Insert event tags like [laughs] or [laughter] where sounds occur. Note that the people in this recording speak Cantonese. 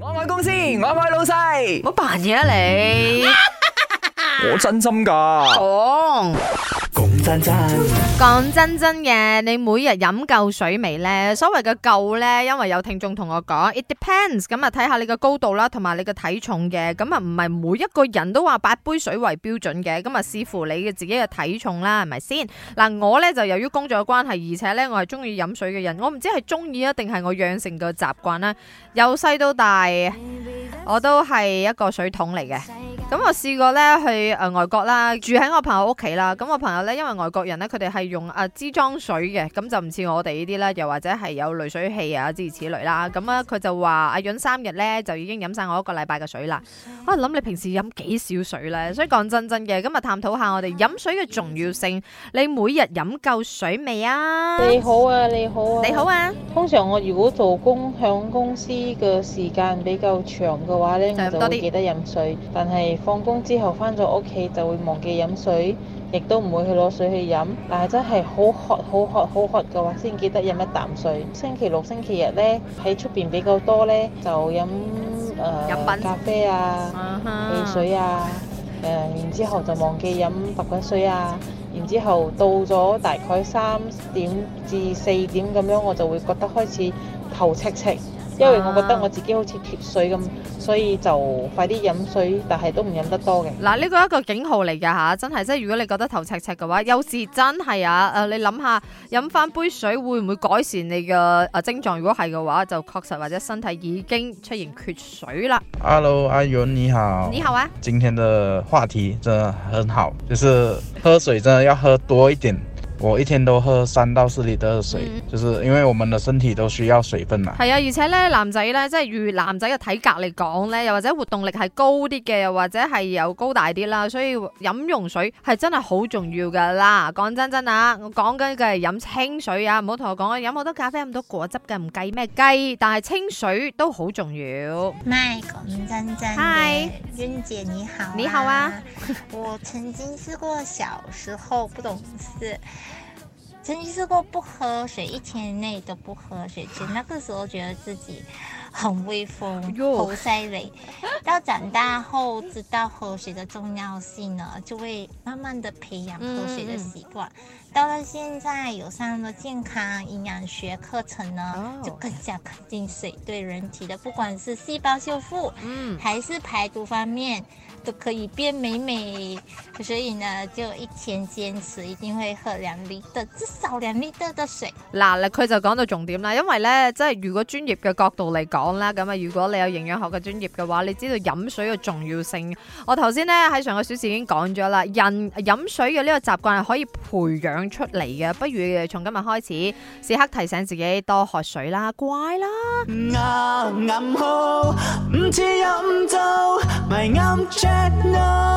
我愛公司，我愛老細，冇扮嘢啊你！ [laughs] 我真心噶。講真真嘅，你每日飲夠水未呢？所謂嘅夠呢，因為有聽眾同我講，It depends，咁啊睇下你嘅高度啦，同埋你嘅體重嘅，咁啊唔係每一個人都話八杯水為標準嘅，咁啊視乎你嘅自己嘅體重啦，係咪先？嗱，我呢就由於工作嘅關係，而且呢我係中意飲水嘅人，我唔知係中意啊定係我養成嘅習慣啦。由細到大，我都係一個水桶嚟嘅。咁我試過咧去外國啦，住喺我，我朋友屋企啦。咁我朋友咧，因為外國人咧，佢哋係用支裝水嘅，咁就唔似我哋呢啲啦，又或者係有濾水器啊之如此類諸如此類啦。咁啊，佢就話：阿潤三日咧就已經飲晒我一個禮拜嘅水啦。我諗你平時飲幾少水咧？所以講真真嘅，今日探討下我哋飲水嘅重要性。你每日飲夠水未啊？你好啊，你好啊，你好啊。通常我如果做工響公司嘅時間比較長嘅話咧，我多啲記得飲水，但係，放工之後返咗屋企就會忘記飲水，亦都唔會去攞水去飲。但係真係好渴好渴好渴嘅話，先記得飲一啖水。星期六、星期日呢，喺出邊比較多呢，就飲、呃、飲品？咖啡啊、汽、uh huh. 水啊、呃，然之後就忘記飲白滾水啊。然之後到咗大概三點至四點咁樣，我就會覺得開始頭赤赤。因為我覺得我自己好似脫水咁，所以就快啲飲水，但係都唔飲得多嘅。嗱、啊，呢個一個警號嚟㗎吓，真係，即係如果你覺得頭赤赤嘅話，有時真係啊，誒、呃，你諗下飲返杯水會唔會改善你嘅誒症狀？如果係嘅話，就確實或者身體已經出現缺水啦。Hello，阿源你好。你好啊。今天的話題真係很好，就是喝水真係要喝多一點。 [laughs] 我一天都喝三到四升的水，嗯、就是因為我們的身體都需要水分嘛。係啊，而且咧男仔咧，即係如男仔嘅體格嚟講咧，又或者活動力係高啲嘅，又或者係又高大啲啦，所以飲用水係真係好重要噶啦。講真真啊，我講緊嘅係飲清水啊，唔好同我講我飲好多咖啡，咁多果汁嘅，唔計咩雞，但係清水都好重要。Mike 講真真。Hi，韻姐你好。你好啊。好啊 [laughs] 我曾經試過小時候不懂事。曾經試過不喝水，一天內都不喝水，其實那個時候覺得自己。很威風，猴塞雷。到長大後，知道喝水的重要性呢，就會慢慢的培養喝水的習慣。嗯、到了現在，有上了健康營養學課程呢，就更加肯定水對人體的，不管是細胞修復，嗯，還是排毒方面，都可以變美美。所以呢，就一天堅持，一定會喝兩 litres 的至少兩 litres 的水。嗱，佢就講到重點啦，因為咧，即係如果專業嘅角度嚟講。講啦，咁啊，如果你有營養學嘅專業嘅話，你知道飲水嘅重要性。我頭先咧喺上個小時已經講咗啦，人飲水嘅呢個習慣係可以培養出嚟嘅，不如從今日開始，時刻提醒自己多喝水啦，乖啦。飲酒，咪啱